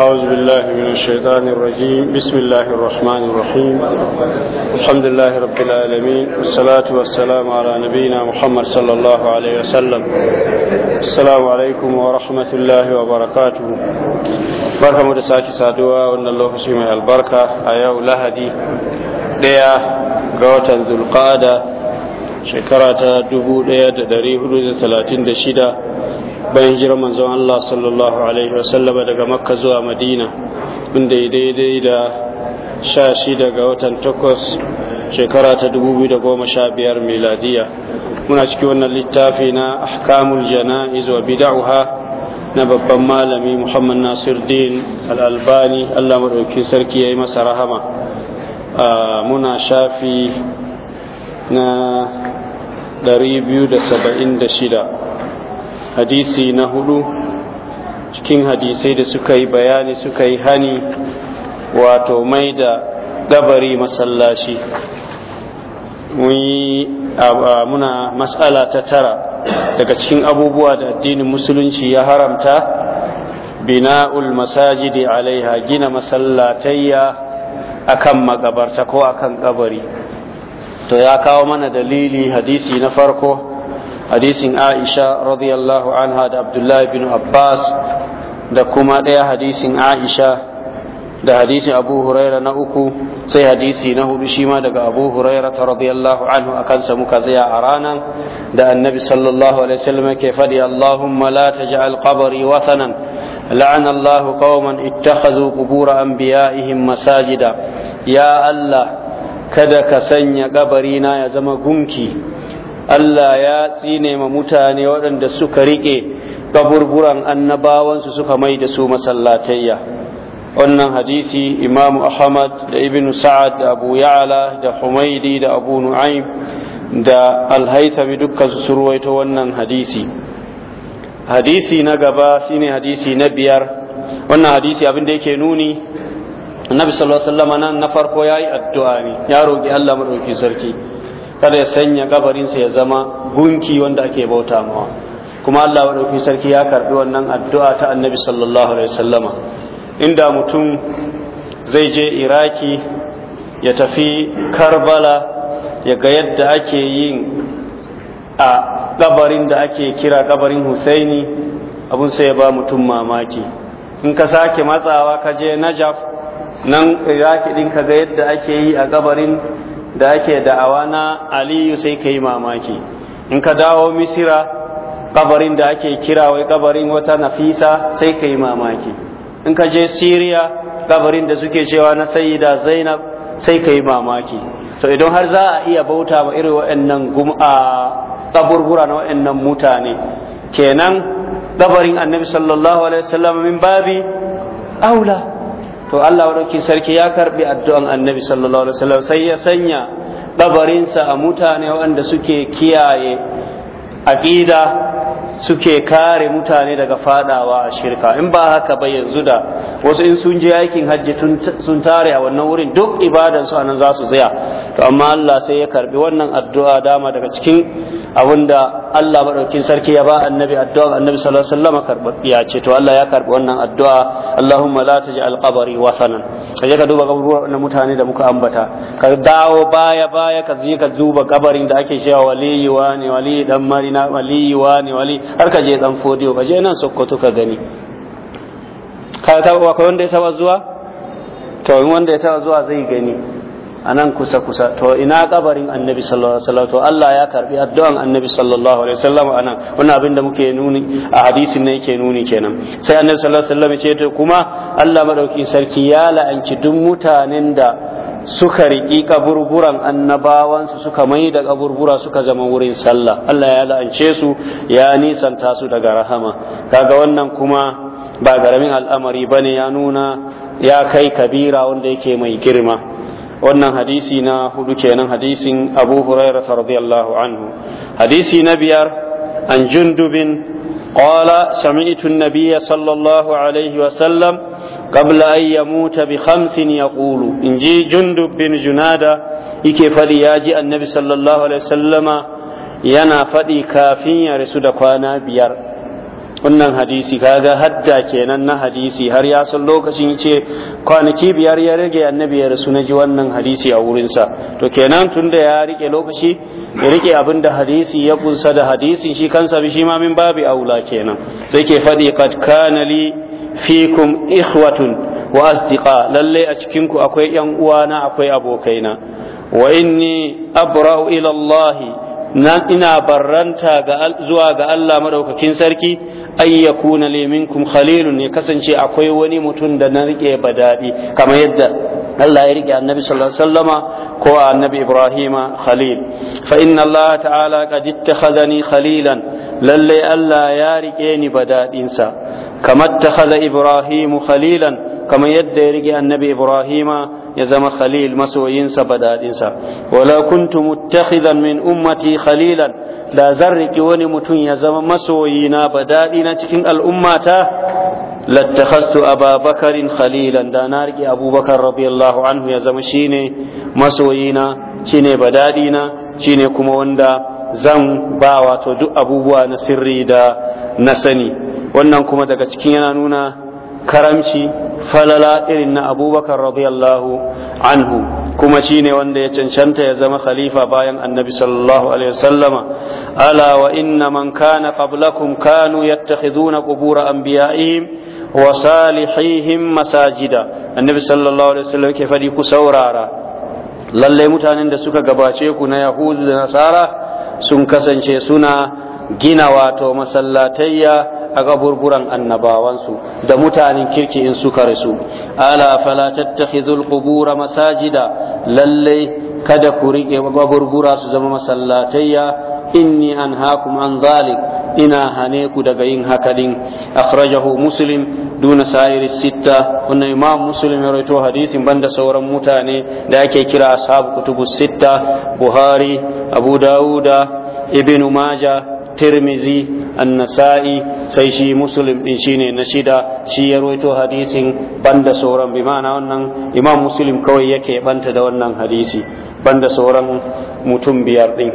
أعوذ بالله من الشيطان الرجيم بسم الله الرحمن الرحيم الحمد لله رب العالمين والصلاة والسلام على نبينا محمد صلى الله عليه وسلم السلام عليكم ورحمة الله وبركاته بركة مدساك سادوا وأن الله سيما البركة أيو لهدي ديا قوتا ذو القادة شكرة دبو ديا دريه دي 36 bayan jiran manzon Allah sallallahu alaihi wa sallam daga makka zuwa madina inda ya daidai da sha shida ga watan takwas shekara ta dubu biyu da goma sha biyar miladiya muna cikin wannan littafi na ahkamul jana'iz wa bid'uha na babban malami Muhammad Nasiruddin Al-Albani Allah madaukakin sarki yayi masa rahama muna shafi na 276 hadisi na hudu cikin hadisai da suka yi bayani suka yi hani wato mai da gabari masallaci muna matsala ta tara daga cikin abubuwa da addinin musulunci ya haramta bina'ul masajidi alaiha gina masallatayya akan magabarta ko akan gabari to ya kawo mana dalili hadisi na farko hadisin Aisha radiyallahu anha da Abdullahi bin Abbas da kuma ɗaya hadisin Aisha da hadisin Abu Huraira na uku sai hadisi na hudu shi ma daga Abu Huraira ta radiyallahu anhu a kansa muka tsaya a ranan da annabi sallallahu alaihi wasallam ke faɗi Allahumma la taj'al qabri wathanan لعن الله قوما اتخذوا قبور أنبيائهم masajida ya Allah kada ka sanya ƙabarina ya zama gunki Allah ya tsine ma mutane waɗanda suka riƙe kaburburan annabawansu suka mai da su masallatayya wannan hadisi imamu ahmad da ibn sa'ad da abu ya'ala da humaidi da abu nu'aib da alhaitami dukkan su ruwaito wannan hadisi hadisi na gaba shine hadisi na biyar wannan hadisi abin da yake nuni annabi sallallahu alaihi wasallam nan na farko yayi addu'a ne ya roki Allah madauki sarki kada ya sanya kabarinsa ya zama gunki wanda ake bauta mawa kuma Allah wa ɗauki sarki ya karɓi wannan addu'a ta annabi sallallahu alaihi wasallama inda mutum zai je iraki ya tafi karbala ya ga yadda ake yin a kabarin da ake kira kabarin husaini abun sai ya ba mutum mamaki in ka sake matsawa ka je najaf nan iraki ɗin ka ga yadda ake yi a kabarin da ake da'awa na aliyu sai ka yi mamaki in ka dawo misira kabarin da ake kira wai kabarin wata nafisa sai ka yi mamaki in ka je siriya kabarin da suke cewa na sayida zainab sai ka yi mamaki to idan har za a iya bauta wa irin waɗannan gum'a kaburbura na waɗannan mutane kenan kabarin annabi sallallahu alaihi wasallam min babi aula to Allah wadauki sarki ya karbi addu'an annabi sallallahu alaihi wasallam sai ya sanya ɗabarinsa a mutane waɗanda suke kiyaye aƙida suke kare mutane daga fadawa a shirka in ba haka ba yanzu da wasu in sun je aikin hajji sun tare a wannan wurin duk ibadansu anan za su zaya. to amma Allah sai ya karbi wannan addu'a dama daga cikin abinda Allah madaukin sarki ya ba annabi addu'a annabi sallallahu alaihi wasallam ya ce to Allah ya karbi wannan addu'a Allahumma la taj'al qabri wasanan kaje ka duba na mutane da muka ambata ka dawo baya baya ka je ka duba kabarin da ake cewa waliyi wani wali dan marina waliyi wani wali har ka je dan fodiyo ka je nan Sokoto ka gani ka ta akwai wanda ya taba zuwa to wanda ya taba zuwa zai gani a nan kusa kusa to ina kabarin annabi sallallahu alaihi wasallam to Allah ya karbi addu'an annabi sallallahu alaihi wasallam a nan wannan abin da muke nuni a hadisin ne yake nuni kenan sai annabi sallallahu alaihi wasallam ce to kuma Allah madaukin sarki ya la'anci duk mutanen da suka riƙi kaburburan annabawansu suka mai da kaburbura suka zama wurin sallah Allah ya la'ance su ya nisanta su daga rahama kaga wannan kuma ba garamin al'amari bane ya nuna ya kai kabira wanda yake mai girma wannan hadisi na hudu kenan hadisin abu huraira radiyallahu anhu hadisi na biyar an jundubin qala sami'tu an-nabiyya sallallahu alayhi wa sallam qabla an yamuta bi khamsin yaqulu inji jundub bin da yake fadi yaji annabi sallallahu alayhi wa sallama yana fadi kafin ya rasu da kwana biyar wannan hadisi kaga hadda kenan na hadisi har ya san lokacin ce kwanaki biyar ya rage annabi ya rasu na ji wannan hadisi a wurinsa to kenan tunda ya rike lokaci ya rike abin da hadisi ya kunsa da hadisin shi kansa bi shi ma min babi aula kenan sai ke faɗi kad kana li fikum ikhwatun wa asdiqa lalle a cikin ku akwai yan uwa na akwai abokaina wa inni abra'u ila allahi nan ina barranta zuwa ga Allah madaukakin sarki ayyakuna yakuna li minkum khalilun ya kasance akwai wani mutum da na rike badadi kamar yadda Allah ya rike annabi sallallahu alaihi wasallama ko annabi Ibrahim khalil fa inna Allah ta'ala qad ittakhadhani khalilan lalle Allah ya rike ni badadin sa kamar ittakhadha Ibrahimu khalilan kamar yadda ya rike annabi ibrahima ya zama khalil masoyinsa badadinsa wala kuntu muttakhidan min ummati khalilan da zan riƙe wani mutum ya zama masoyina na cikin al'ummata lattakhastu ababakarin khalilan da na riƙe abubakar radiyallahu anhu ya zama shine masoyina shine badadina shine kuma wanda zan ba wato duk abubuwa na sirri da na sani wannan kuma daga cikin yana nuna karamci falala irin na abubakar radiyallahu anhu kuma shi ne wanda ya cancanta ya zama khalifa bayan annabi sallallahu alaihi wasallama ala wa inna man kana qablakum kanu yattakhidhuna biya anbiya'ihim wa salihihim masajida annabi sallallahu alaihi wasallam ke fadi ku saurara lalle mutanen da suka gabace ku na yahudu da nasara sun kasance suna gina wato masallatayya a gaburburan annabawansu da mutanen kirki in suka rasu ala fala tattakhidhul qubura masajida lalle kada ku rike gaburbura su zama masallatayya inni anhaakum an dhalik ina hane ku daga yin haka din akhrajahu muslim duna sa'iri sitta wannan imam muslim ya rawaito hadisin banda sauran mutane da ake kira ashabu kutubu sitta buhari abu dauda ibnu majah tirmizi annasa'i sai shi muslim din shine na shida shi ya rawaito hadisin banda sauran bi ma'ana wannan imam muslim kawai yake banta da wannan hadisi banda sauran mutum biyar din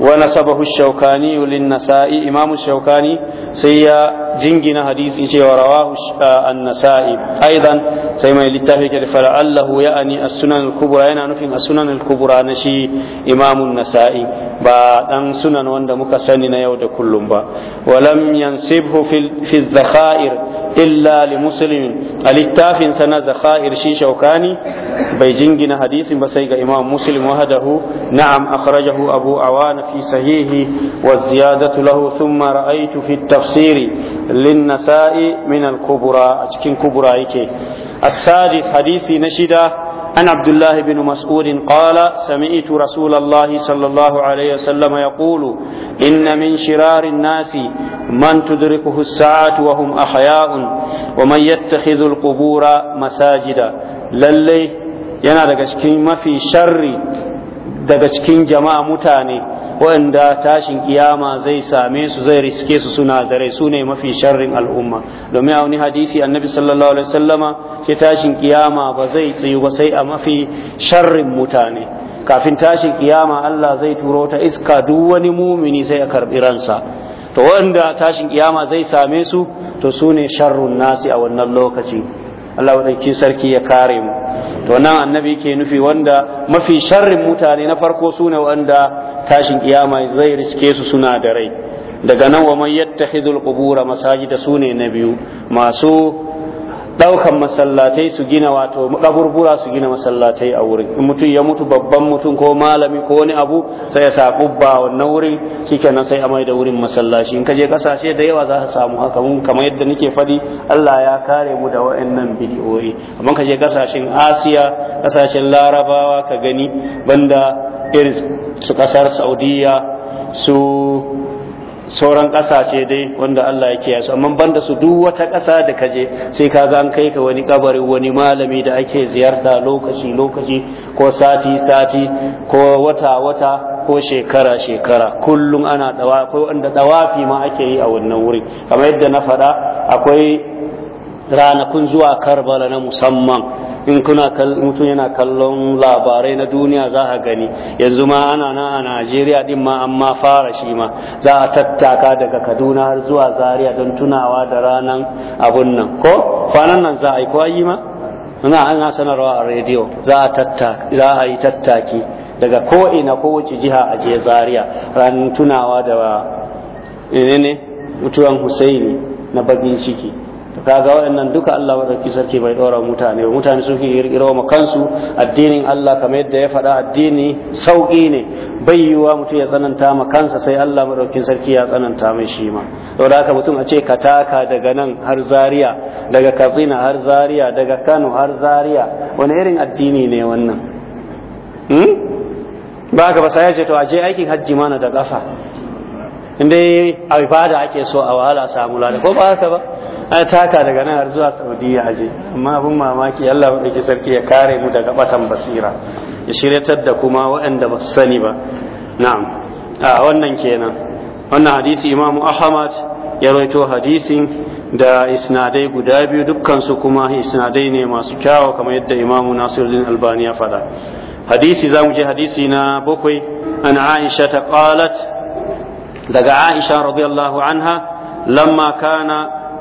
wa nasabahu shaukani lin nasa'i imam shaukani sai ya jingina hadisi cewa rawahu uh, an-nasa'i aidan sai mai littafi ke fara Allahu ya'ani as-sunan al-kubra yana nufin as-sunan al-kubra na shi imamun nasai ba dan sunan wanda muka sani na yau da kullum ba walam yansibhu fi dhakhair illa li muslim al-littafin sana zakhair shi shaukani bai jingina hadisin ba sai ga imam muslim wahdahu na'am akhrajahu abu awana fi sahihi wa ziyadatu lahu thumma ra'aytu fi tafsiri lin nasa'i min al kubura a cikin kubura yake as-sadis hadisi na shida عن عبد الله بن مسعود قال سمعت رسول الله صلى الله عليه وسلم يقول إن من شرار الناس من تدركه الساعة وهم أحياء ومن يتخذ القبور مساجدا للي yana daga cikin mafi sharri daga cikin jama'a mutane waɗanda tashin kiyama zai same su zai riske su suna da rai sune mafi sharrin al'umma domin a wani hadisi annabi sallallahu alaihi wasallama ce tashin kiyama ba zai tsayu ba sai a mafi sharrin mutane kafin tashin kiyama Allah zai turo ta iska duk wani mumini sai a karbi ransa to waɗanda tashin kiyama zai same su to sune sharrun nasi a wannan lokaci Allah wadauki sarki ya kare mu to nan annabi ke nufi wanda mafi sharrin mutane na farko sune wanda tashin kiyama zai riske su suna da rai daga nan wa man yattakhidhul qubura masajida sune na biyu masu Daukan masallatai su gina wato kaburbura su gina masallatai a wurin in mutum ya mutu babban mutum ko malami ko wani abu sai ya sa kubba wannan wurin shikenan sai a maida wurin masallaci in kaje kasashe da yawa za ka samu haka mun kamar yadda nake faɗi Allah ya kare mu da wa'annan bidiyoyi amma kaje kasashen Asiya kasashen Larabawa ka gani banda irin su kasar Saudiya su sauran ƙasashe dai wanda Allah ya kiyaye su amma banda su duk wata ƙasa da kaje sai ka ga an kai ka wani kabari wani malami da ake ziyarta lokaci lokaci ko sati sati ko wata wata ko shekara shekara kullum ana dawa akwai wanda dawafi ma ake yi a wannan wuri kamar yadda na faɗa akwai ranakun zuwa Karbala na musamman in kuna mutum yana kallon labarai na duniya za a gani yanzu ma ana na a najeriya din ma an ma fara shi ma za a tattaka daga kaduna har zuwa zaria don tunawa da ranar abun nan ko kwanan nan za a yi kwayi ma ana sanarwa a rediyo za a yi tattaki daga ina ko wuce jiha a je zaria ranar tunawa da eh, ne mutuwan husaini na bagin ciki kaga waɗannan duka Allah madauki sarki bai ɗora mutane ba mutane suke kirkiro ma kansu addinin Allah kamar yadda ya faɗa addini sauƙi ne bai yiwuwa mutum ya tsananta ma kansa sai Allah madaukin sarki ya tsananta mai shi ma saboda haka mutum a ce ka taka daga nan har Zaria daga Katsina har Zaria daga Kano har Zaria wani irin addini ne wannan hmm? ba ka ba sai ya ce to a je aikin hajji mana da kafa in dai a ibada ake so a wahala samu lada ko ba haka ba an taka daga nan har zuwa saudiya je amma abin mamaki allah maɗauki sarki ya kare mu daga batan basira ya shiryatar da kuma waɗanda ba su sani ba na'am a wannan kenan wannan hadisi imamu ahmad ya roito hadisin da isnadai guda biyu dukkansu kuma isnadai ne masu kyawo kamar yadda imamu nasiruddin albani ya faɗa hadisi za mu je hadisi na bakwai an aisha ta qalat daga Aisha radiyallahu anha lamma kana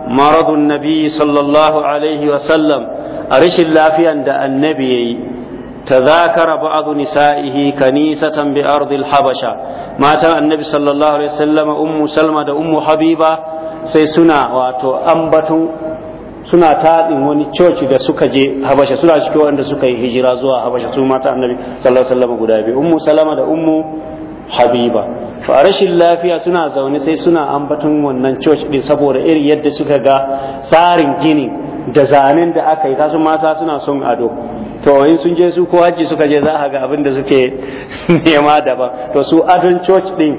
maradun nabi sallallahu alaihi wa sallam a rashin lafiyan da annabi yayi تذاكر بعض نسائه كنيسة بأرض الحبشة مات النبي صلى الله عليه وسلم أم سلمة أم حبيبة sai suna wato ambatu suna taɗin wani coci da suka je habasha suna cikin wanda suka yi hijira zuwa habasha su mata annabi sallallahu alaihi wasallam guda biyu ummu da ummu habiba to a rashin lafiya suna zaune sai suna ambaton wannan church din saboda irin yadda suka ga tsarin gini da zanen da aka yi kasu mata suna son ado to in sun je su ko haji suka je za a ga abin da suke nema daban to su adon church din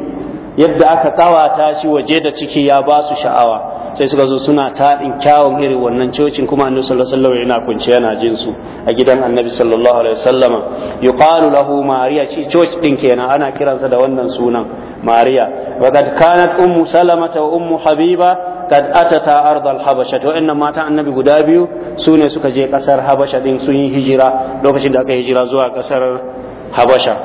yadda aka tsawata shi waje da ciki ya ba su sha'awa sai suka zo suna taɗin kyawun irin wannan cocin kuma annabi sallallahu alaihi wasallam yana kunce yana jin su a gidan annabi sallallahu alaihi wasallam yuqalu lahu mariya ci coci din kenan ana kiransa da wannan sunan mariya wa kad kanat ummu salamata wa ummu habiba kad atata ardal habasha to innan mata annabi guda biyu su ne suka je kasar habasha din sun yi hijira lokacin da aka hijira zuwa kasar habasha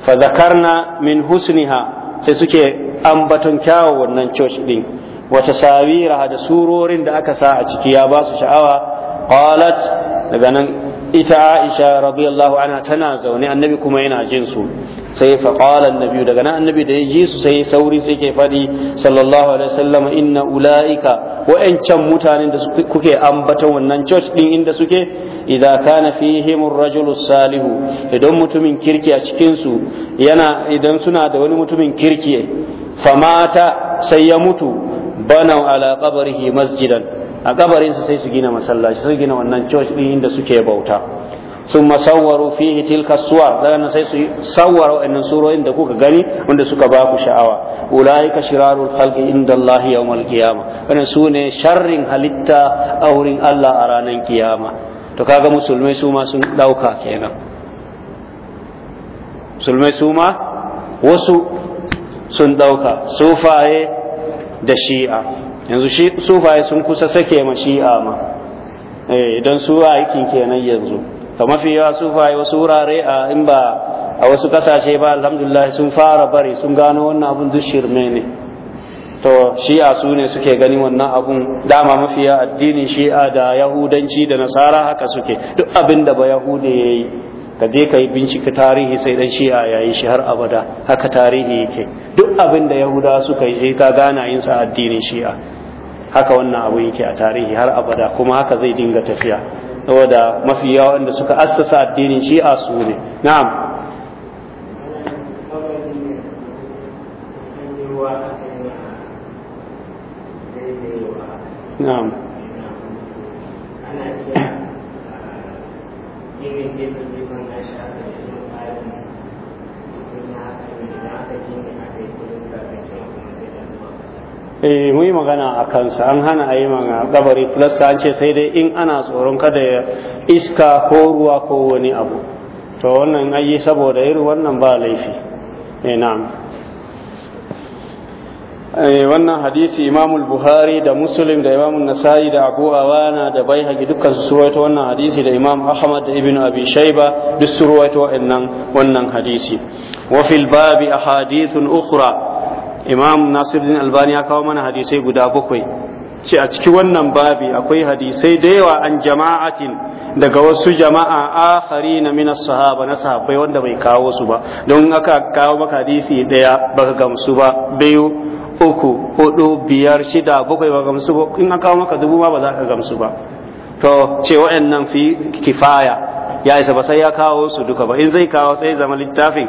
fa zakarna min husniha sai suke ambaton kyawun wannan church din wata sawira da surorin da aka sa a ciki ya ba su sha'awa qalat daga nan ita Aisha radiyallahu anha tana zaune annabi kuma yana jin su sai fa qala annabi daga nan annabi da ya ji su sai sauri sai ke fadi sallallahu alaihi wasallam inna ulaika wa'ancan mutanen da kuke ambata wannan church din inda suke idza kana fihim ar-rajul salihu idan mutumin kirki a cikin su yana idan suna da wani mutumin kirki famata sai ya mutu banau ala qabrihi masjidan a kabarinsa sai su gina masallaci su gina wannan church din inda suke bauta sun sawwaru fihi tilka suwar daga nan sai su sawwara annan surorin da kuka gani wanda suka ba ku sha'awa ulaika shirarul khalqi inda Allah yawmal qiyama wannan sune sharrin halitta a wurin Allah a ranar kiyama to kaga musulmai su ma sun dauka kenan musulmai su ma wasu sun dauka sufaye da shi'a yanzu shi sufaye sun kusa sake ma shi'a ma idan eh, su aikin kenan yanzu to mafi yawa sufaye wasu wurare a in ba a wasu kasashe ba alhamdulillah sun fara bari sun gano wannan abun duk shirme ne to shi'a su ne suke gani wannan abun dama mafiya addinin shi'a da yahudanci da nasara haka suke duk abinda da ba yahude ya yi ka je ka yi bincika tarihi sai dan shi shi'a yayi shi har abada haka tarihi yake duk abin da yahuda suka yi ka gana yin sa addinin shi'a haka wannan abu yake a tarihi har abada kuma haka zai dinga tafiya saboda mafi yawan da suka assasa addinin shi'a su ne na'am na'am ah, eh mu yi magana a kansa an hana a yi magana kabari plus an ce sai dai in ana tsoron kada ya iska ko ruwa ko wani abu to wannan ayi saboda irin wannan ba laifi eh na'am eh, wannan hadisi imam Al-Bukhari da muslim da imam nasa'i da abu awana da baihaqi dukkan su ruwaito wannan hadisi da imam ahmad da ibnu abi shayba duk su ruwaito wannan wannan hadisi wa fil babi ahadithun ukhra imam Nasir din albani ya kawo mana hadisai guda bakwai ce a cikin wannan babi akwai hadisai da yawa an jama'atin daga wasu jama'a akhari na minas sahaba na sahabbai wanda bai kawo su ba don aka kawo maka hadisi daya baka gamsu ba biyu uku hudu biyar shida bakwai baka gamsu ba in aka kawo maka dubu ma ba za ka gamsu ba to ce waɗannan fi kifaya ya isa ba sai ya kawo su duka ba in zai kawo sai zama littafin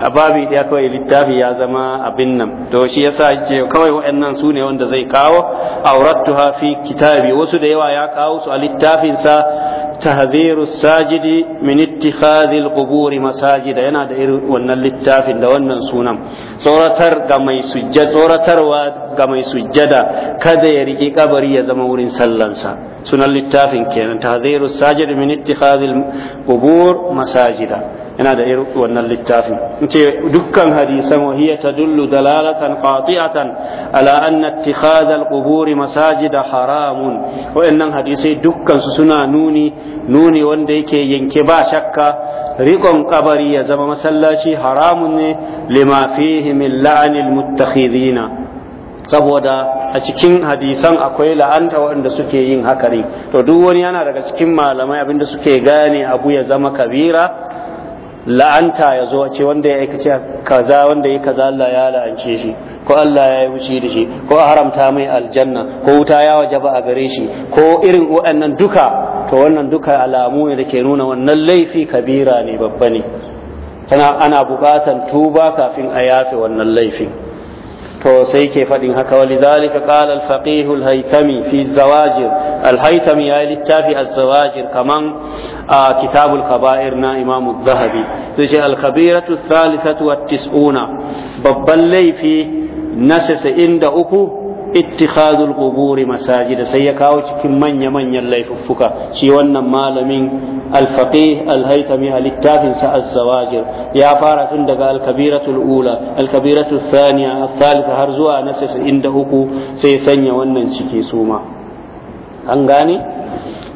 a babi ɗaya kawai littafi ya zama abin nan to shi yasa ke kawai waɗannan su ne wanda zai kawo a aurattuha hafi kitabi wasu da yawa ya kawo su a littafinsa ta tahziru sajidi min ittikhadhi alquburi masajida yana da irin wannan littafin da wannan sunan tsoratar ga mai sujjada tsoratarwa ga mai sujjada kada ya riƙi kabari ya zama wurin sallansa sunan littafin kenan ta tahziru sajidi min ittikhadhi alqubur masajida yana da irin wannan littafin ce dukkan hadisan wa hiya tadullu dalalatan qati'atan ala anna ittikhadh al-qubur masajida haramun wayannan hadisai dukkan su suna nuni nuni wanda yake yanke ba shakka riƙon kabari ya zama masallaci haramun ne lima fihi min la'anil muttakhidina saboda a cikin hadisan akwai la'anta waɗanda suke yin hakari to duk wani yana daga cikin malamai abinda suke gane abu ya zama kabira la'anta ya zo ce wanda ya aikace kaza wanda ya kaza Allah ya la'ance shi ko Allah ya yi wuce da shi ko a haramta mai aljanna ko wuta ya wajaba a gare shi ko irin wa'annan duka to wannan duka alamu ne da ke nuna wannan laifi kabira ne babba ne tana ana buƙatan tuba kafin a yafe wannan laifin to sai ke faɗin haka wali zalika qala al faqih al haytami fi zawajir al haytami littafi a zawajir kaman a kitabul kaba'ir na imam al zahabi sai ce al kabiratu thalithatu wat tis'una babban laifi na uku. ittikhadul quburi masajid sai ya kawo cikin manya manyan laifuffuka shi wannan malamin al-faqih al-haythami a littafin sa az-zawajir ya fara tun daga al-kabiratul ula al-kabiratul thaniya al-thalitha har zuwa na 93 sai sanya wannan ciki suma an gane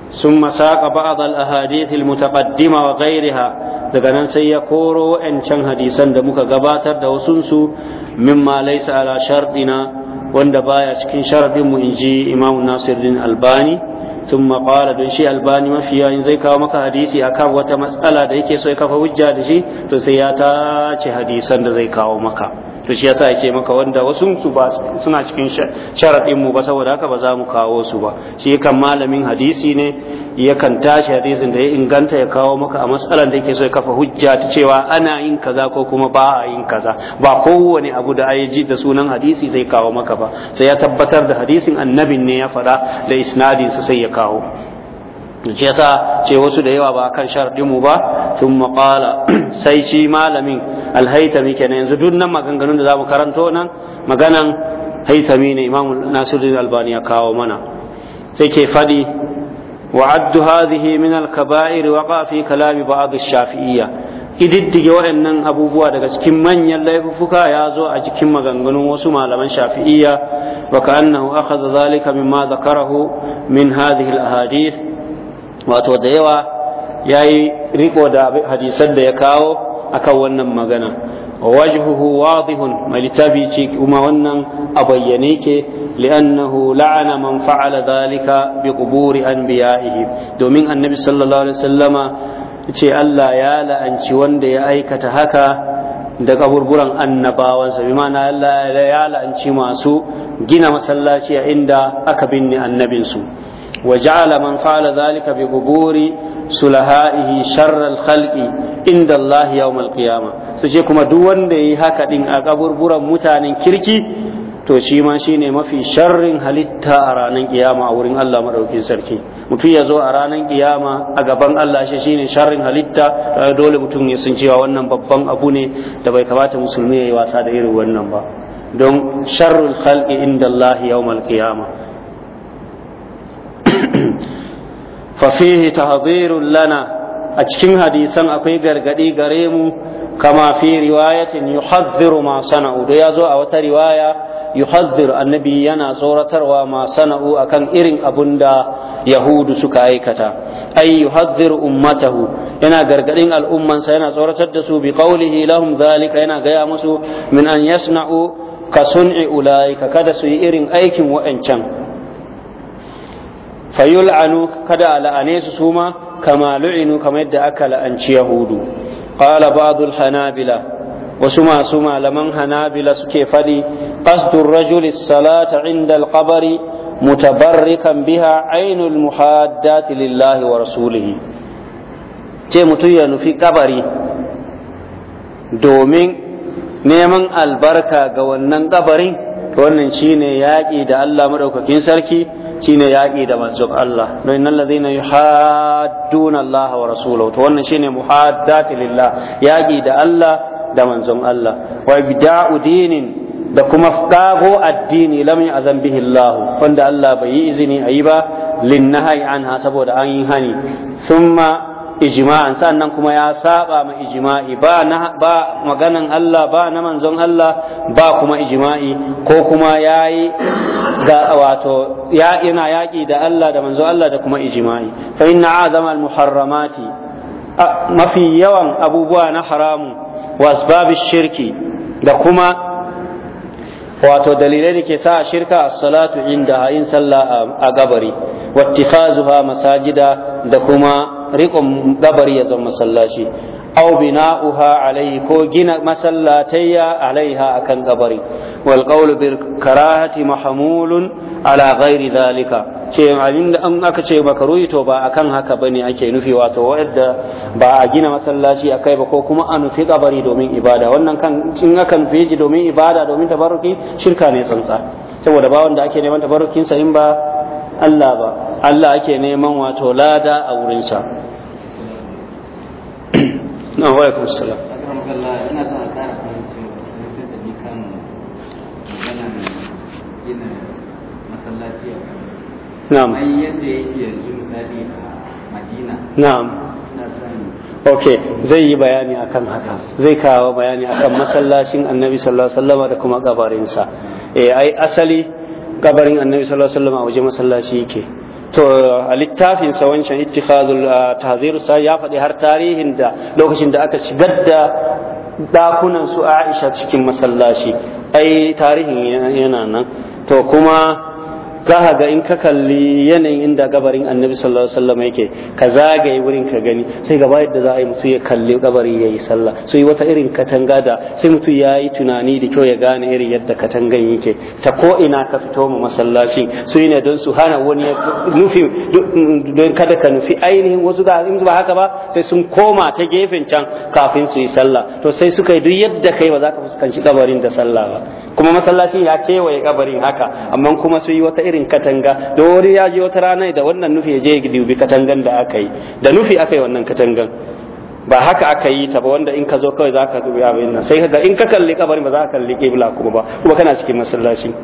ثم ساق بعض الأحاديث المتقدمة وغيرها daga nan sai ya koro wa'ancan hadisan da muka gabatar da wasunsu mimma laisa ala shardina wanda baya cikin sharadin mu inji Imam Nasiruddin Albani sun قال don shi albani mafi yayin zai kawo maka hadisi a akan wata matsala da yake so ya kafa hujja da shi to sai ya tace hadisan da zai kawo maka to shi yasa yake maka wanda wasu su ba suna cikin sharaɗin mu ba saboda haka ba za mu kawo su ba shi kan malamin hadisi ne yakan tashi hadisin da ya inganta ya kawo maka a matsalar da yake so ya kafa hujja ta cewa ana yin kaza ko kuma ba a yin kaza ba kowane abu da ai ji da sunan hadisi zai kawo maka ba sai ya tabbatar da hadisin annabin ne ya faɗa da isnadin sa sai ya kawo shi yasa ce wasu da yawa ba kan sharadin mu ba tun maƙala sai shi malamin alhaitami kenan yanzu duk nan maganganun da zamu karanto nan maganan haitami ne imamu nasiruddin albani ya kawo mana sai ke fadi وعد هذه من wa وقع kalami كلام بعض الشافعية kididdige waɗannan abubuwa daga cikin manyan laifuka ya zo a cikin maganganun wasu malaman shafi'iyya wa ka annahu akhadha zalika mimma zakarahu min hadhihi al-ahadith wato da yawa yayi riko da hadisan da ya kawo akan wannan magana wajhuhu wadihun malitabi ce kuma wannan a bayyane ke li'annahu la'ana man fa'ala zalika bi quburi anbiya'ihi domin annabi sallallahu alaihi wasallama ce Allah ya la'anci wanda ya aikata haka da kaburburan annabawansa bi ma'ana Allah ya la'anci masu gina masallaci a inda aka binne annabinsu wa ja'ala man fa'ala zalika bi quburi sulaha'ihi sharral khalqi inda Allah yawmal qiyama su ce kuma duk wanda yayi haka din a kaburburan mutanen kirki to shi ma shine mafi sharrin halitta a ranar kiyama a wurin Allah madaukin sarki mutum ya zo a ranar kiyama a gaban Allah shi shine sharrin halitta dole mutum ya san cewa wannan babban abu ne da bai kamata musulmi ya yi wasa da irin wannan ba don sharrul khalqi inda Allah yawmal qiyama fa fihi tahdhirun lana a cikin hadisan akwai gargadi gare mu kama fi riwayatin yuhadhdhiru ma sana'u da yazo a wata riwaya yuhadhdhiru annabi yana tsoratarwa ma sana'u kan irin abun da yahudu suka aikata ay yuhadhdhiru ummatahu yana gargadin al'ummansa yana tsoratar da su bi qawlihi lahum zalika yana gaya musu min an yasna'u ka sun'i ulaika kada su yi irin aikin waɗancan. fayul'anu kada a la'ane su suma kama lu'inu kamar yadda aka la'anci yahudu qala ba'dul hanabila wasu masu malaman hanabila suke fadi qasdur rajuli salata inda alqabari mutabarrikan biha ainul muhaddati lillahi wa rasulihi ce mutum ya nufi kabari domin neman albarka ga wannan kabarin wannan shine yaƙi da Allah maɗaukakin sarki shine yaƙi da manzon Allah don innal ladhina yuhadduna Allah wa Rasuluhu, to wannan shine muhaddati lillah yaƙi da Allah da manzon Allah wa bida'u dinin da kuma kago addini lam ya'zan bihi Allah wanda Allah bai yi izini ayi ba linnahi anha saboda an yi hani thumma ijma'an sannan kuma ya saba ma ijma'i ba na ba maganan Allah ba na manzon Allah ba kuma ijma'i ko kuma yayi da wato ya yana yaki da Allah da manzon Allah da kuma ijma'i fa inna azama al muharramati mafi yawan abubuwa na haramu wa asbab shirki da kuma wato dalilai da ke sa shirka as-salatu inda in sallah a gabari wattikhazuha masajida da kuma riƙon kabari ya zama masallaci aw bina'uha alayhi ko gina masallatayya alaiha akan kabari wal qawlu bil karahati mahmulun ala ghairi dhalika ce abinda an aka ce makaruhi to ba akan haka bane ake nufi wato wadda ba a gina masallaci akai ba ko kuma an nufi kabari domin ibada wannan kan in aka nufi domin ibada domin tabarruki shirka ne tsantsa saboda ba wanda ake neman tabarrukin in ba Allah ba Allah ake neman wato lada a wurinsa na wa alaikum salam ina son kan masallaci yadda misali a Madina ok zai yi bayani akan haka zai kawo bayani akan masallacin annabi sallallahu alaihi Sallama da kuma gabarinsa. eh ai asali gabarin annabi sallallahu alaihi Sallama a waje masallaci yake to a littafin sa wancan ittikhadul tahzir sa ya faɗi har tarihin da lokacin da aka shigar da dakunan su Aisha cikin masallaci ai tarihin yana nan to kuma za ga in ka kalli yanayin inda gabarin annabi sallallahu alaihi wasallam yake ka zagaye wurin ka gani sai gaba yadda za a yi mutum ya kalli gabari ya yi sallah sai wata irin katanga da sai mutum ya yi tunani da kyau ya gane irin yadda katangan yake ta ko'ina ina ka fito mu masallacin su ne don su hana wani ya nufi don kada ka nufi ainihin wasu da in ba haka ba sai sun koma ta gefen can kafin su yi sallah to sai suka yi duk yadda kai ba za ka fuskanci gabarin da sallah ba kuma masallacin ya kewaye kabarin haka amma kuma su yi wata irin katanga da wani ya je wata rana da wannan nufi ya je ya dubi katangan da aka yi da nufi aka yi wannan katangan ba haka aka yi ta ba wanda in ka zo kawai za ka dubi abin nan sai ka in ka kalli kabarin ba za ka kalli kibla kuma ba kuma kana cikin masallaci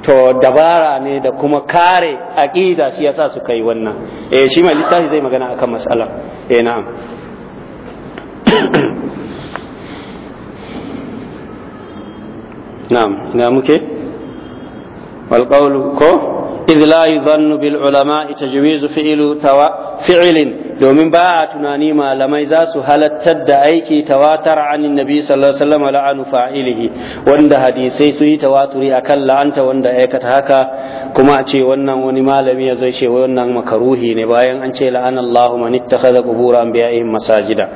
to dabara ne da kuma kare aqida shi yasa suka yi wannan eh shi mai littafi zai magana akan mas'ala eh na'am na'am ina muke wal ko idh la yudhannu bil ulama tajwizu fi'lu tawa domin ba a tunani malamai zasu su halattar da aiki tawatar anin nabi sallallahu la'anu fa'ilihi wanda hadisai su yi tawaturi akan la'anta wanda aikata haka kuma a ce wannan wani malami ya zo ce wannan makaruhi ne bayan an ce la'anallahu man ittakhadha qubur anbiya'ihim masajida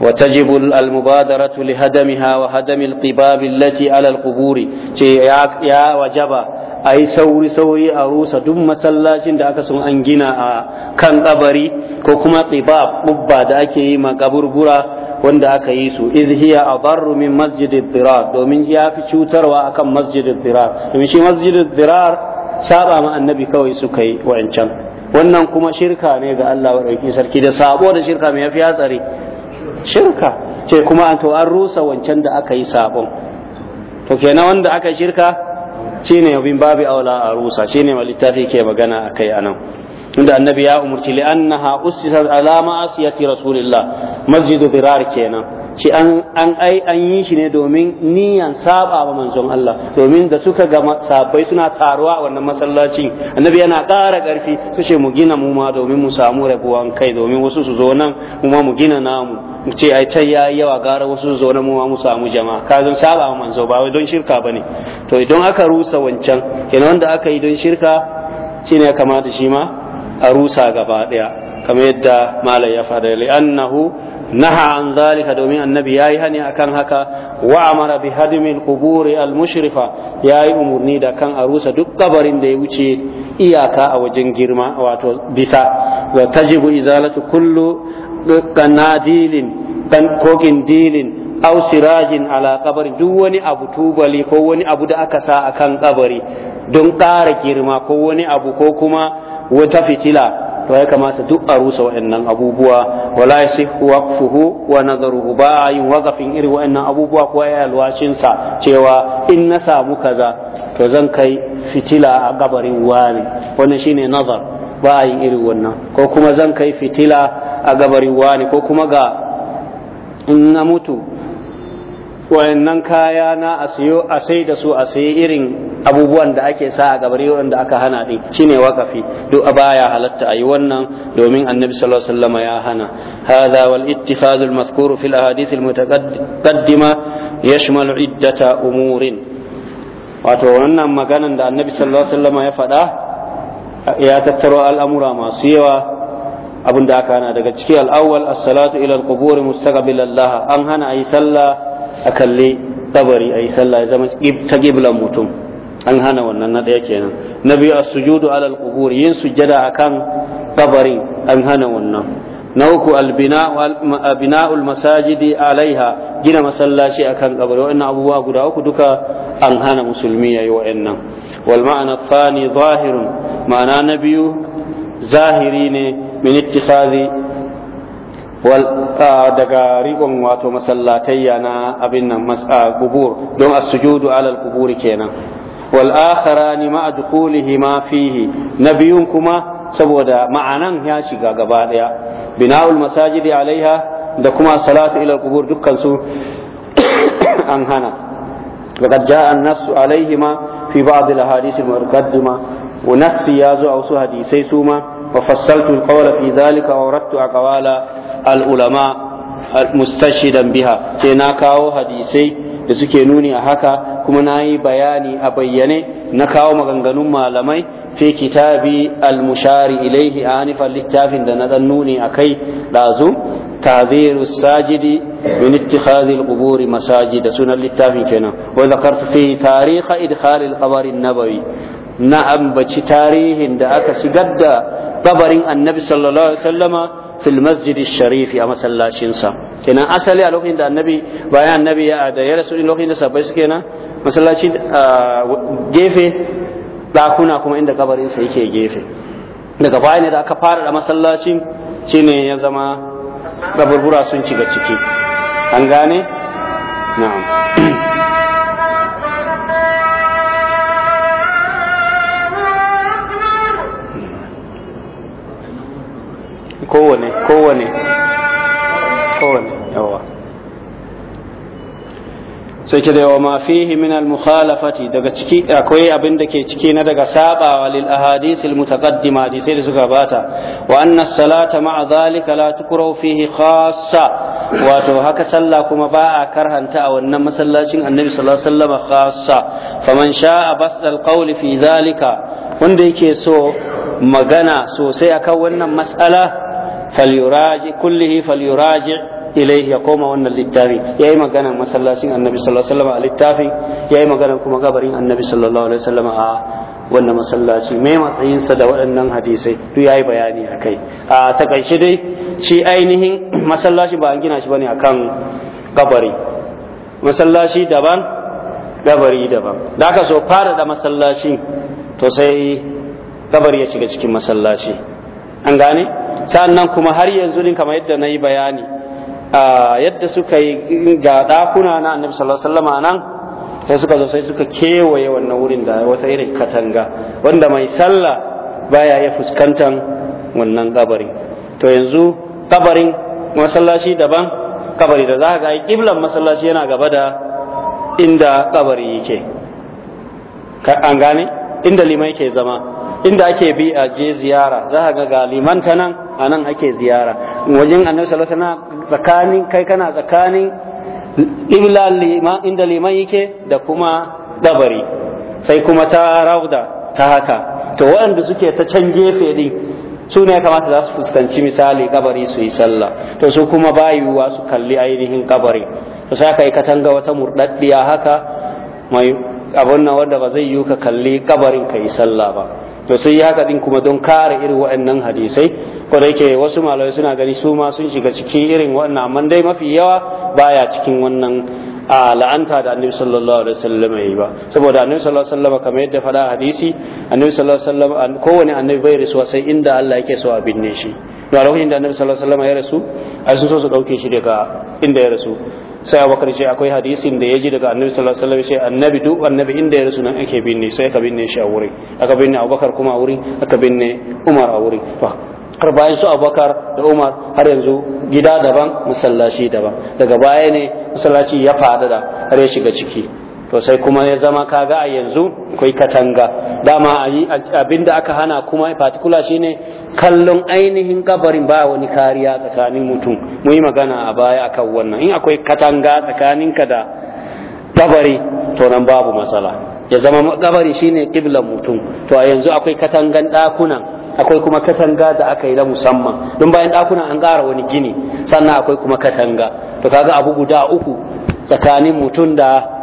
وتجب المبادرة لهدمها وهدم القباب التي على القبور يا وجبا duk سوري سوري aka دم an دا a kan kabari ko kuma قباب قبا da ake yi ma برا wanda aka yi su iz hiya adarru min masjid dirar domin ya fi cutarwa akan masjid dirar domin shi masjid dirar saba ma annabi kawai suka yi wa'ancan wannan kuma shirka ne ga Allah wa sarki da sabo da shirka mai yafi hatsari shirka ce kuma an to an rusa wancan da aka yi sabon to kenan wanda aka shirka shine bin babi aula a rusa shine ma littafi ke magana akai anan inda annabi ya umurci li annaha ussisat ala ma'asiyati rasulillah masjidu dirar kenan shi an ai an yi shi ne domin niyan saba wa manzon Allah domin da suka ga sabai suna taruwa a wannan masallaci annabi yana ƙara ƙarfi su ce mu gina mu ma domin mu samu rabuwan kai domin wasu su zo nan mu ma mu gina namu mu ce ai can yayi yawa gara wasu su zo nan mu ma mu samu jama'a ka zan saba wa manzo ba wai don shirka bane to idan aka rusa wancan kenan wanda aka yi don shirka shine ya kamata shi ma a rusa gaba daya kamar yadda malai ya faɗa li'annahu naha an zalika domin annabi yayi hani akan haka wa amara bi hadmil quburi al mushrifa yayi umurni da kan arusa duk ƙabarin da ya wuce iyaka a wajen girma wato bisa Ga tajibu izalatu kullu kanadilin kan kokin dilin aw sirajin ala kabari duk wani abu tubali ko wani abu da aka sa akan ƙabari don ƙara girma ko wani abu ko kuma wata fitila to ya kamata duk a rusa wa'annan abubuwa wala yasihu waqfuhu wa nadharuhu ba yin waqafin irin wa'annan abubuwa ko ya alwashin sa cewa in na samu kaza to zan kai fitila a gabarin wani wannan shine nazar ba yin irin wannan ko kuma zan kai fitila a gabarin wani ko kuma ga in na mutu wayannan kaya na a siyo a sai da su a sayi irin abubuwan da ake sa a gabari wanda aka hana din shine wakafi duk a baya halatta ayi wannan domin annabi sallallahu alaihi wasallam ya hana hadha wal ittikhadh al madhkur fi al ahadith al mutaqaddima yashmal iddata umurin wato wannan maganan da annabi sallallahu alaihi ya faɗa ya tattaro al'amura masu yawa abin da aka hana daga ciki al'awwal as-salatu ila al-qubur mustaqbil Allah an hana ayi sallah a kalli kabari ayi sallah ya zama ta giblan mutum an hana wannan na ɗaya kenan na biyu a sujudu alal qubur yin sujjada akan kabarin an hana wannan na uku albina'ul masajidi alaiha gina masallaci akan kabari wa'annan abubuwa guda uku duka an hana musulmi yayi wa'annan wal ma'ana thani zahirun ma'ana na biyu zahiri ne min ittikhadhi wal daga riƙon wato masallatayya na abin nan mas'a kubur don as-sujudu alal kuburi kenan والآخران مع na فيه kuma saboda ma'anan ya shiga gabaɗaya. binaul المساجد عليها da kuma salatu ila kubur dukkansu an hana laqad jaa an-nass alaihima fi ba'd al-ahadith al-muqaddima wa nass yazu aw su hadisai suma wa fassaltu zalika qawla a dhalika wa radtu aqwala al-ulama mustashidan biha sai na kawo hadisai da suke nuni a haka kuma na yi bayani a bayyane na kawo maganganun malamai fi kitabi al-mushari ilaihi a hanifar littafin da na dan nuni a kai ɗazu تعذير الساجد من اتخاذ القبور مساجد سنة للتافن كنا وذكرت في تاريخ إدخال القبر النبوي نعم بچ تاريخ دا أكا سجد قبر النبي صلى الله عليه وسلم fil masjid sharifi a masallacinsa kenan asali a lokacin da annabi bayan annabi ya da ya rasu lokacin da sabai suke na masallaci gefe ɗakuna kuma inda kabarinsa yake gefe daga baya ne da aka fara da masallacin shine ya zama da burbura sun shiga ciki an gane na'am kowane kowane kowane yawa sai ce da yawa ma fihi min al-mukhalafati daga ciki akwai abin da ke ciki na daga sabawa lil ahadith al mutaqaddima hadisai da suka bata wa anna salata ma'a zalika la tukrahu fihi khassa wato haka sallah kuma ba a karhanta a wannan masallacin annabi sallallahu alaihi wasallam khassa faman sha'a basda al qawli fi zalika wanda yake so magana sosai akan wannan mas'ala falyuraji kullihi falyuraji ilai ya koma wannan littafi ya yi magana masallacin annabi عليه وسلم على a littafi ya yi magana kuma gabarin annabi الله عليه وسلم a wannan masallaci mai matsayinsa da waɗannan hadisai duk ya yi bayani a kai a takaice dai shi ainihin masallaci ba an gina shi bane akan gabari masallaci daban gabari daban da aka so fara da masallaci to sai kabari ya shiga cikin masallaci an gane sannan kuma har yanzu din kamar yadda na yi bayani yadda suka yi ga ɗakuna na annabi sallallahu alaihi wasallam nan sai suka zo sai suka kewaye wannan wurin da wata irin katanga wanda mai sallah baya ya fuskantan wannan kabari to yanzu kabarin masallaci daban kabari da za ga kiblan masallaci yana gaba da inda kabari yake an gane inda limai ke zama inda ake bi a je ziyara za ga galiman ta nan a nan ake ziyara wajen annabi sallallahu alaihi wasallam tsakanin kai kana tsakanin ibla liman inda liman yake da kuma dabari sai kuma ta rauda ta haka to waɗanda suke ta can gefe din su ne kamata za su fuskanci misali kabari su yi sallah to su kuma bayuwa su kalli ainihin kabari to sai kai katanga wata murɗaɗɗiya haka mai abun nan wanda ba zai yi ka kalli kabarin ka yi sallah ba to sai ya din kuma don kare irin waɗannan hadisai ko da yake wasu malamai suna gani su ma sun shiga cikin irin wannan amma dai mafi yawa baya cikin wannan a la'anta da annabi sallallahu alaihi wasallam yayi ba saboda annabi sallallahu alaihi wasallam kamar yadda faɗa hadisi annabi sallallahu alaihi wasallam kowane annabi bai rasuwa sai inda Allah yake so a binne shi to a lokacin da annabi sallallahu alaihi wasallam ya rasu ai sun so su dauke shi daga inda ya rasu sai abubakar ce akwai hadisin da ya ji daga annabi sallallahu alaihi wasallam annabi duk annabi inda ya rasu nan ake binne sai ka binne shi a wuri aka binne abubakar kuma a wuri aka binne umar a wuri har bayan su abubakar da umar har yanzu gida daban masallaci daban daga baya ne masallaci ya fadada har ya shiga ciki to sai kuma ya zama kaga a yanzu kai katanga dama abinda aka hana kuma particular shine kallon ainihin kabarin ba wani kariya tsakanin mutum mu yi magana a baya akan wannan in akwai katanga tsakaninka da kabari to nan babu matsala ya zama kabari shine kiblan mutum to a yanzu akwai katangan dakunan akwai kuma katanga da aka yi na musamman don bayan dakunan an ƙara wani gini sannan akwai kuma katanga to kaga abu guda uku tsakanin mutum da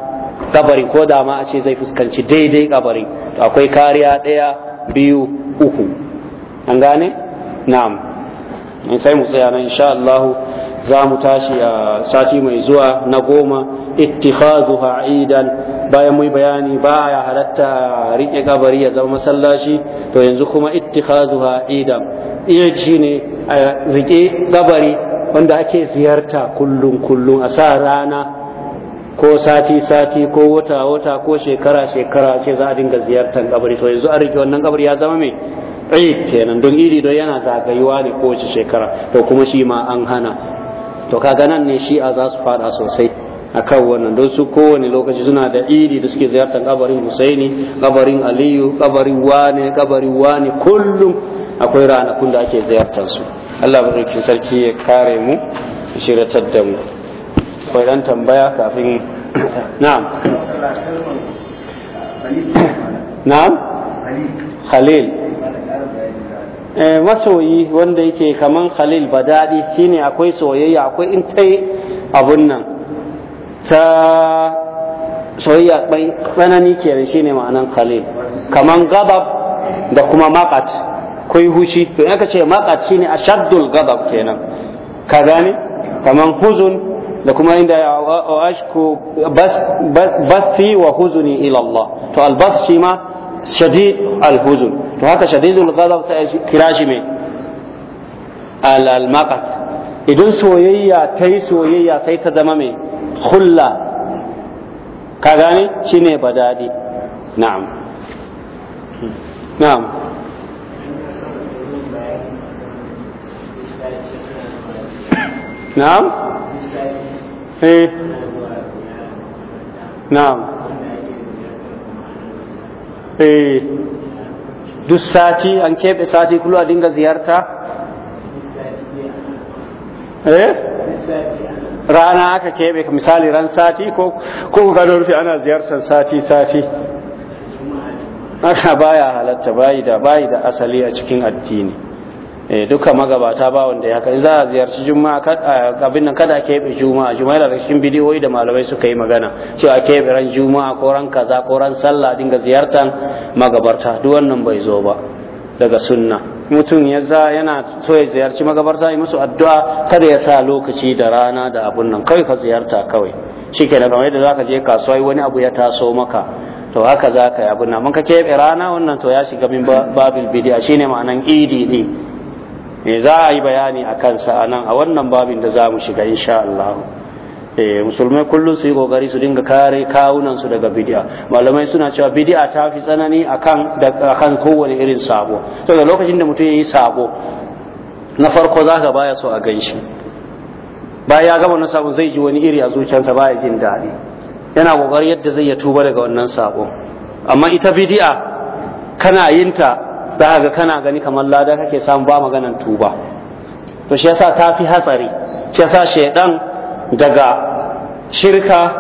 kabari ko da ma a ce zai fuskanci daidai kabari to akwai kariya ɗaya biyu uku an gane na'am in sai mu tsaya nan insha Allah za mu tashi a sati mai zuwa na goma ittikhazuha idan bayan mu bayani ba ya halatta rike kabari ya zama masallaci to yanzu kuma ittikhazuha idan iya shine rike kabari wanda ake ziyarta kullum kullum a sa rana ko sati sati ko wata wata ko shekara shekara ce za a dinga ziyartar kabari to yanzu an rike wannan kabari ya zama mai ai kenan don idi don yana zagayuwa ne kowace shekara to kuma shi ma an hana to kaga nan ne shi a za su fada sosai akan wannan don su kowane lokaci suna da iri da suke ziyartar kabarin Husaini kabarin Aliyu kabarin wane kabarin wane kullum akwai ranakun da ake ziyartar su Allah barkin sarki ya kare mu shiratar da mu akwai dan tambaya kafin na'am na'am khalil eh, masoyi wanda yake kaman khalil ba daɗi shine akwai soyayya akwai in ta abun nan ta soyayya tsanani kenan shine ma'anan khalil kaman gabab da kuma makat kai hushi to in aka ce maƙat shine ashaddul gabab kenan ka gane kaman huzun da kuma inda ya ashku bathi wa huzuni ila Allah to albath shi ma shadid alhuzun to haka shadidul ghadab sai kira shi me al maqat idan soyayya ta'i soyayya sai ta zama me hulla ka gane shi ne ba daɗi na'am na'am na'am eh na'am an keɓe sati kullum a dinga ziyarta rana aka keɓe misali ran sati ko ko gano rufe ana ziyartar sati aka baya halatta bayi da bayi da asali a cikin addini Eh, duka magabata ba wanda ya kai za a ziyarci juma'a abin nan kada keɓe juma'a juma'a da cikin bidiyoyi da malamai suka yi magana cewa keɓe ran juma'a ko ran kaza ko ran sallah dinga ziyartan magabarta duk wannan bai zo ba daga sunna mutum ya za yana so ya ziyarci magabarta yi musu addu'a kada ya sa lokaci da rana da abun nan kawai ka ziyarta kawai shi ke da kamar yadda za ka je kasuwa wani abu ya taso maka to haka za ka yi abin nan mun ka keɓe rana wannan to ya shiga min babil bidiya shine ma'anan idi ne me eh, za a yi bayani a kansa a a wannan babin da za mu shiga insha Allah eh, musulmai kullum su yi kokari su dinga kare kawunan su daga bidi'a malamai suna cewa bidi'a ta fi tsanani a akan kowane irin sabo to da lokacin da mutum ya yi sabo na farko za zaka baya so a ganshi baya ya gama na sabo zai ji wani iri a zuciyarsa baya jin daɗi yana kokari yadda zai ya tuba daga wannan sabo amma ita bidi'a kana yinta ta za ga kana gani kamar lada kake samu ba maganan tuba to shi yasa ta fi hatsari shi yasa shaidan daga shirka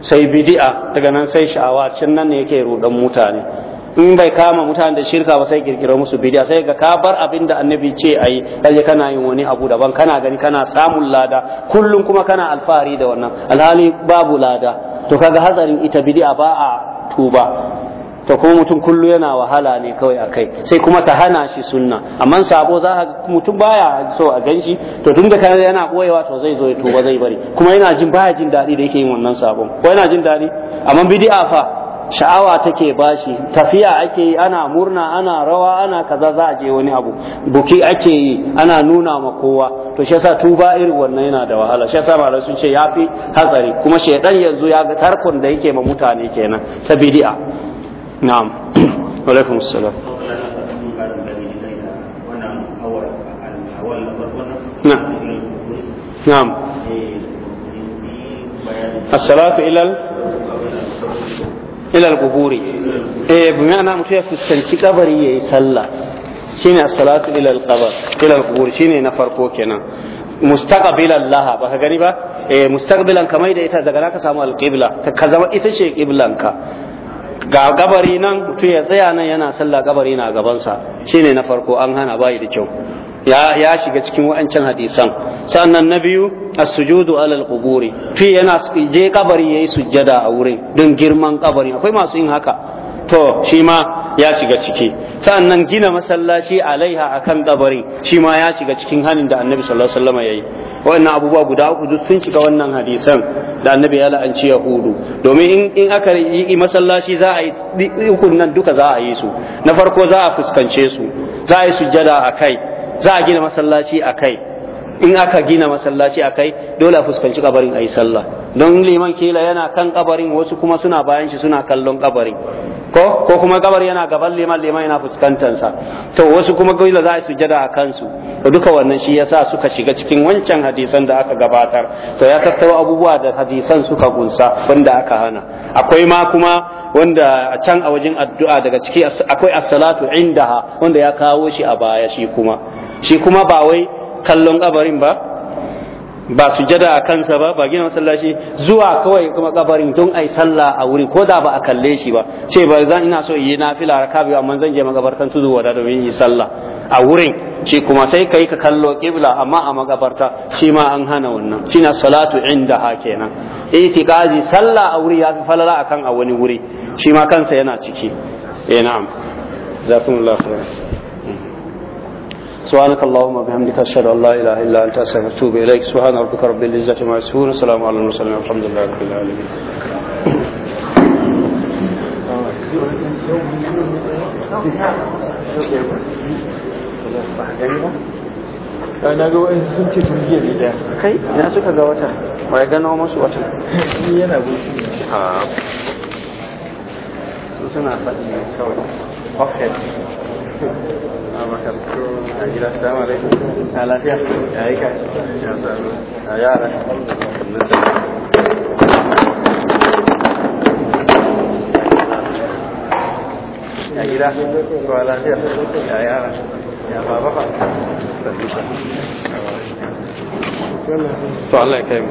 sai bidi'a daga nan sai sha'awa cin nan ne yake rudan mutane in bai kama mutane da shirka ba sai kirkira musu bidi'a sai ga ka bar abin da annabi ce a yi kana yin wani abu daban kana gani kana samun lada kullum kuma kana alfahari da wannan alhali babu lada to kaga hatsarin ita bidi'a ba a tuba to kuma mutum kullu yana wahala ne kawai a kai sai kuma ta hana shi sunna amma sabo za ka mutum baya so a ganshi to tun da kana yana koyewa to zai zo ya tuba zai bari kuma yana jin baya jin daɗi da yake yin wannan sabon ko yana jin daɗi amma bid'a fa sha'awa take bashi tafiya ake yi ana murna ana rawa ana kaza za a je wani abu buki ake yi ana nuna ma kowa to shi yasa tuba irin wannan yana da wahala shi yasa malamai sun ce yafi hatsari kuma shedan yanzu ya ga tarkon da yake ma mutane kenan ta bid'a نعم وعليكم السلام na'am نعم الصلاة إلى ال... إلى القبور إيه بمعنى في فسكنسي قبري يسلى شيني الصلاة إلى القبر إلى القبور شيني نفرقو كنا مستقبل الله بaka gani ba eh mustaqbilan kamar da ita daga naka samu alqibla ka zama ita ga gabari nan mutum ya tsaya nan yana sallah gabari na gabansa shine na farko an hana bai da kyau ya ya shiga cikin wa'ancan hadisan sannan na biyu as-sujudu alal quburi fi yana je kabari yayi sujjada a wurin don girman kabari akwai masu yin haka to shi ma ya shiga ciki sannan gina masallaci alaiha akan kabari shi ma ya shiga cikin hanin da annabi sallallahu alaihi wasallam yayi wannan abubuwa guda uku duk sun cika wannan hadisan da annabi ya la'anci yahudu domin in aka yi masallaci za a yi ukun nan duka za a yi su na farko za a fuskance su za a yi sujjada a kai za a gina masallaci a kai in aka gina masallaci a kai dole a fuskanci kabarin a yi sallah don liman kila yana kan kabarin wasu kuma suna bayan shi suna kallon kabarin ko ko kuma kabar yana gaban liman liman yana fuskantar sa to wasu kuma kila za su sujada a kansu to duka wannan shi yasa suka shiga cikin wancan hadisan da aka gabatar to ya tattaro abubuwa da hadisan suka gunsa wanda aka hana akwai ma kuma wanda a can a wajen addu'a daga ciki akwai as-salatu indaha wanda ya kawo shi a baya shi kuma shi kuma ba wai kallon kabarin ba ba sujada a kansa ba ba gina masallaci zuwa kawai kuma kabarin don ai sallah a wuri ko da ba a kalle shi ba ce ba zan ina so yi nafila raka biyu amma zan je magabartan tudu wada domin yi sallah a wurin shi kuma sai kai ka kallo kibla amma a magabarta shi ma an hana wannan shi na salatu inda ha kenan itiqazi sallah a wuri ya falala akan a wani wuri shi ma kansa yana ciki eh na'am jazakumullahu سبحانك اللهم وبحمدك أشهد أن لا إله إلا أنت أستغفرك وأتوب إليك سبحان ربك رب العزة عما يصفون السلام على المرسلين والحمد لله رب العالمين na ga wa'in sun ce tun jiya daya kai ina suka ga wata wa gano masu wata ni yana gudu a su suna faɗi kawai Assalamu Allah ya kai mu.